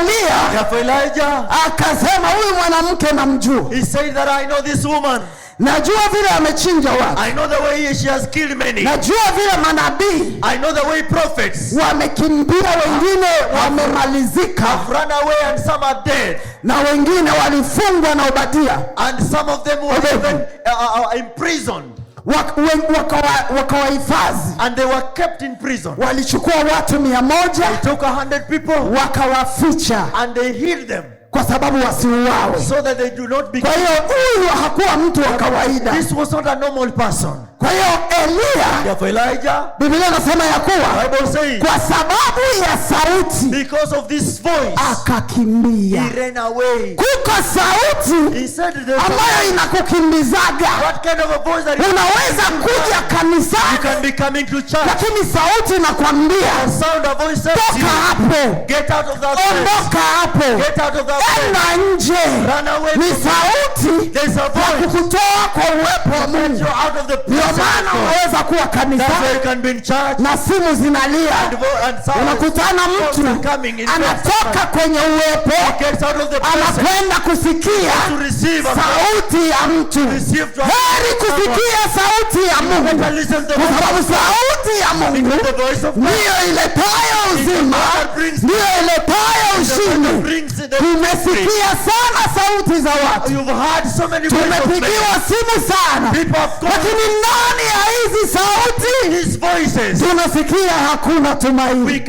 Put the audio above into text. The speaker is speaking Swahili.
Elia akasema, huyu mwanamke namjua. Najua vile amechinja watu. Najua vile manabii. Wamekimbia wengine wamemalizika. Na wengine walifungwa na Obadia. And some of them were even uh, uh, uh imprisoned wakawahifadhi waka and they were kept in prison. Walichukua watu mia moja, they took hundred people, wakawaficha and they hid them kwa sababu wasiuawe. So that they do not be. Kwa hiyo huyu hakuwa mtu wa kawaida. This was not a normal person. Kwa hiyo Elia, Biblia inasema ya kuwa kwa sababu ya sauti, because of this voice, akakimbia. He ran away. Kuko sauti ambayo inakukimbizaga. What kind of a voice that unaweza kuja kanisani, lakini sauti inakwambia toka hapo, Get out of that place. ondoka hapo Get out of that unapoenda nje ni sauti ya kukutoa kwa uwepo wa Mungu. Ndio maana unaweza kuwa kanisa na simu zinalia, unakutana mtu anatoka kwenye uwepo, anakwenda kusikia sauti ya mtu. Heri kusikia sauti ya Mungu, kwa sababu sauti ya Mungu ndiyo iletayo uzima, ndiyo ile Tumesikia sana sauti za watu, tumepigiwa simu sana, lakini ndani ya hizi sauti tunasikia hakuna tumaini.